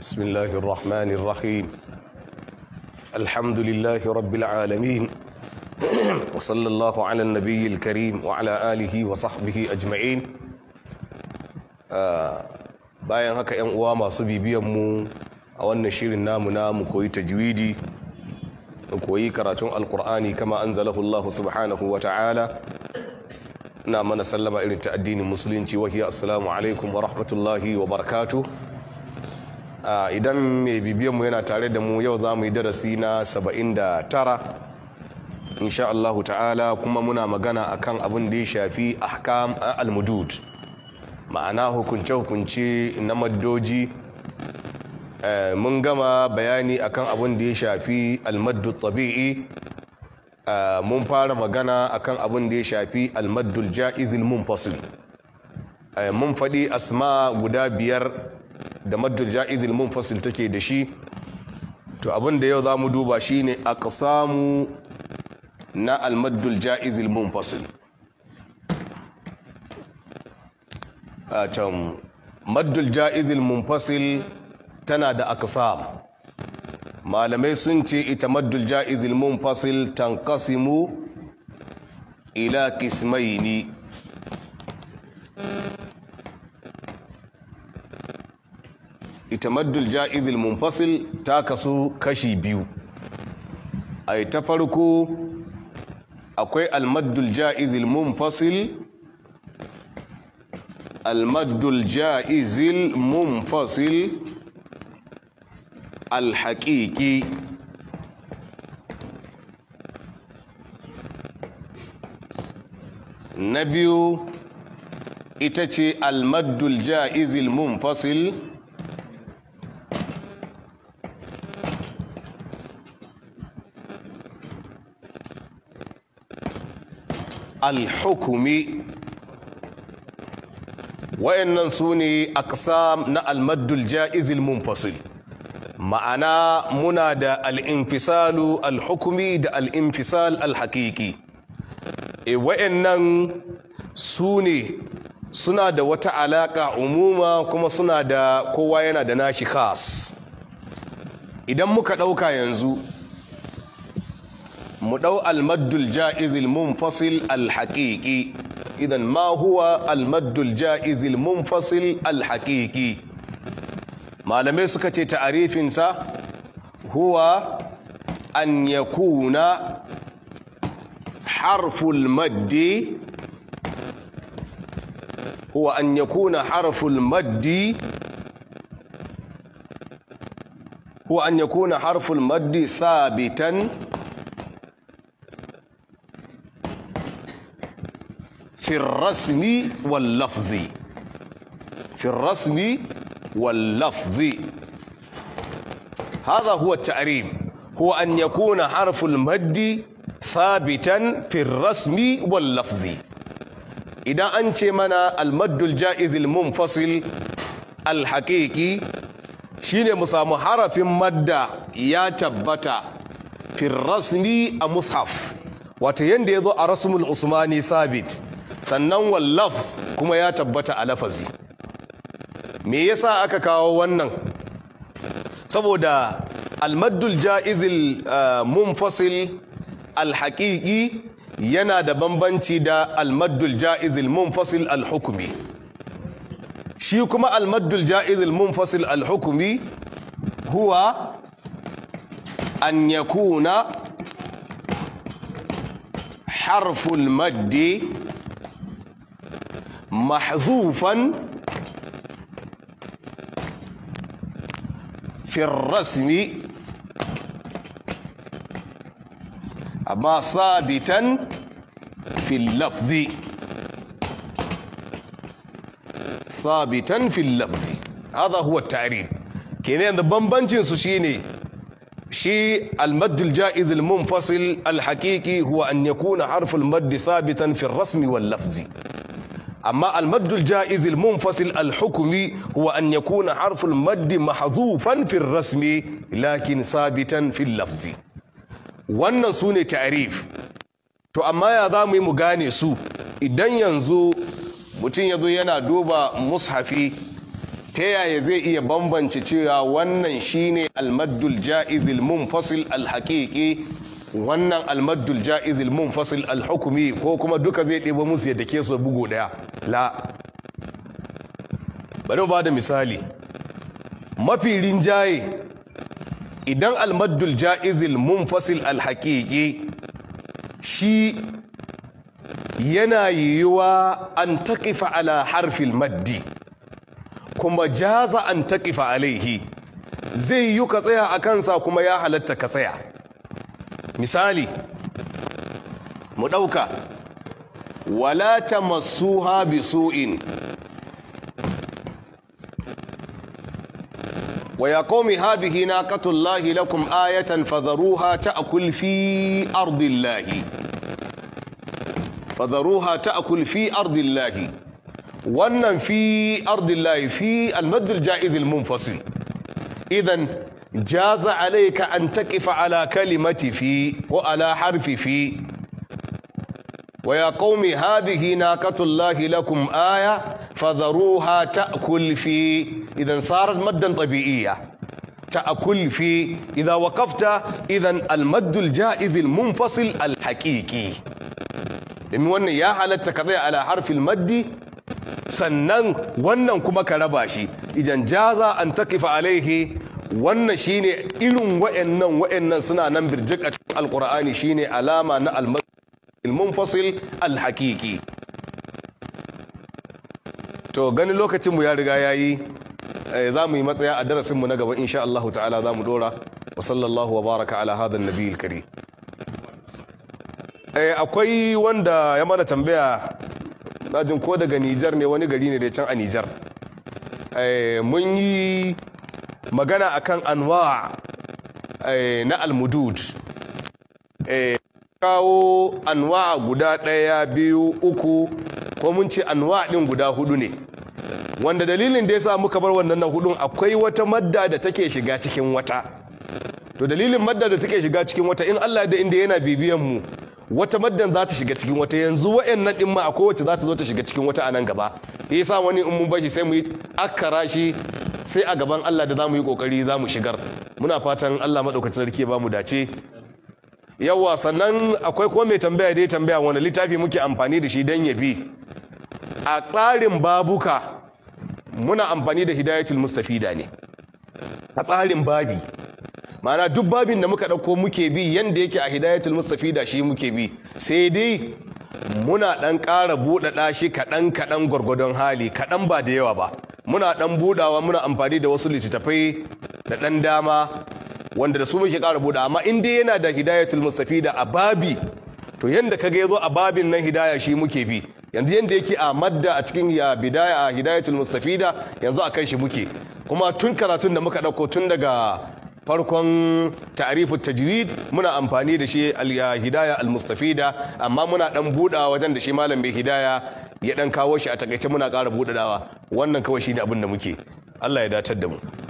بسم الله الرحمن الرحيم الحمد لله رب العالمين وصلى الله على النبي الكريم وعلى آله وصحبه أجمعين bayan haka 'yan uwa masu mu a wannan shirin namu na mu koyi tajwidi koyi karatun alkur'ani kama anzalahu Allah subhanahu wa ta'ala ina mana sallama irin ta addinin musulunci wahiya assalamu alaikum wa rahmatullahi wa barakatuh idan mai mu yana tare da mu yau za mu yi darasi na 79 insha Allah ta'ala kuma muna magana akan abin da ya shafi ahkam al-mudud ma'ana hukunce-hukunce na maddoji mun gama bayani akan abin da ya shafi almaddu tabi'i mun fara magana akan abin da ya shafi almaddul ja'izil fasil mun faɗi asma guda biyar da maddul ja'izil munfasil take da shi to abin da yau za mu duba shi ne a ƙasamu na almaddul ja'izil munfasil a can maddul ja'izil munfasil tana da aqsam malamai sun ce ita maddul ja'izil munfasil tanqasimu ila qismaini itamaddul ja'izil munfasil ta kasu kashi biyu ai ta farko akwai almaddul ja'izil munfasil almaddul ja'izil munfasil Alhaƙiƙi. na biyu ita ce almaddul ja'izil munfasil alhukumi wayannan su ne ƙasa na almaddul ja'izil munfasil ma'ana muna da al'infisalu alhukumi da al'infisal alhakiki e wayannan su ne suna da wata alaƙa umuma kuma suna da kowa yana da nashi khas idan muka ɗauka yanzu مدو المد الجائز المنفصل الحقيقي إذا ما هو المد الجائز المنفصل الحقيقي ما لم يسكتي تعريف انسا هو أن يكون حرف المد هو أن يكون حرف المد هو أن يكون حرف المد ثابتاً في الرسم واللفظ في الرسم واللفظ هذا هو التعريف هو أن يكون حرف المد ثابتا في الرسم واللفظ إذا أنت من المد الجائز المنفصل الحقيقي شين mu حرف مد يا تبتا في الرسم المصحف وتيندي ذو الرسم العثماني ثابت sannan wallafs kuma ya tabbata a lafazi me yasa aka kawo wannan saboda almaddul ja'izil uh, munfasil alhaqiqi yana da bambanci da almaddul ja'izil munfasil alHukumi, shi kuma almaddul ja'izil munfasil alHukumi huwa an yakuna harful maddi محذوفا في الرسم أما ثابتا في اللفظ ثابتا في اللفظ هذا هو التعريب كذا بمبنشن سوشيني شيء المد الجائز المنفصل الحقيقي هو أن يكون حرف المد ثابتا في الرسم واللفظ amma almaddul ja'izil munfasil alhukumi huwa an yakuna harful maddi mahzufan fil rasmi lakin sabitan fil lafzi wannan su ne ta'rif to amma ya za mu yi mu gane su idan yanzu mutum ya zo yana duba mushafi ta yaya zai iya bambance cewa wannan shine almaddul ja'izil munfasil alhaqiqi wannan almaddul ja'izil munfasil alhukumi ko kuma duka zai ɗebo musu yadda ke so bugu daya. la bari ba da misali mafi rinjaye idan almaddul ja'izil fasil alhaƙiƙi shi yana yiwuwa an taƙifa ala harfil maddi kuma jaza an taƙifa alaihi zai yi ka tsaya a kansa kuma ya halatta ka tsaya misali mu ɗauka wala tamassuha bisu'in wa ya qaumi hadhihi naqatullahi lakum ayatan fadharuha ta'kul fi ardillahi fadharuha ta'kul fi ardillahi wannan fi ardillahi fi al-madd al munfasil idan جاز عليك أن تقف على كلمة في وعلى حرف في ويا قوم هذه ناقة الله لكم آية فذروها تأكل في إذا صارت مدا طبيعية تأكل في إذا وقفت إذا المد الجائز المنفصل الحقيقي إن ون يا halatta ka tsaya ala harfil maddi sannan wannan kuma ka raba shi idan wannan shine irin wa'annan wa'annan suna nan birjik a cikin alqur'ani shine alama na al-munfasil al-haqiqi to gani lokacin mu ya riga yayi eh, za mu yi matsaya a darasin mu na gaba insha Allah ta'ala za mu dora wa sallallahu wa baraka ala hadha an-nabiyil karim eh, akwai wanda ya mana tambaya na ko daga Nijar ne wani gari ne da can a Nijar eh, mun yi magana akan anwa eh, na almudud eh, kawo anwa guda ɗaya biyu uku ko mun ce anwa ɗin guda hudu ne wanda dalilin da ya sa muka bar wannan na hudun akwai wata madda da take shiga cikin wata to dalilin madda da take shiga cikin wata in Allah da inda yana bibiyan mu wata maddan za ta shiga cikin wata yanzu wa'yan na ɗin ma akwai wacce za ta zo ta shiga cikin wata a nan gaba sa wani in mun bashi sai mu yi akara shi sai a gaban Allah da mu yi kokari zamu shigar muna fatan Allah madaukakin sarki ba mu dace yawa sannan akwai ko mai tambaya dai tambaya wani littafi muke amfani da shi dan yabi a tsarin babuka muna amfani da hidayatul mustafida ne a tsarin babi mana duk babin da muka ɗauko muke bi yanda yake a hidayatul mustafida shi muke bi sai dai muna ɗan ƙara buɗaɗa shi kaɗan kaɗan gwargwadon hali kaɗan ba da yawa ba muna dan budawa muna amfani da wasu littattafai da dan dama wanda da su muke ƙara budawa amma in dai yana da hidayatul mustafida a babi to yanda kaga yazo a babin nan hidaya shi muke bi yanzu yanda yake a madda a cikin ya bidaya hidayatul mustafida yanzu akan shi muke kuma tun karatun da muka dauko tun daga farkon ta'rifu tajwid muna amfani da shi al-hidaya al amma muna dan buɗawa wajen da shi malam mai hidaya ya dan kawo shi a takaice muna ƙara budadawa wannan kawai shi ne abin da muke Allah ya datar da mu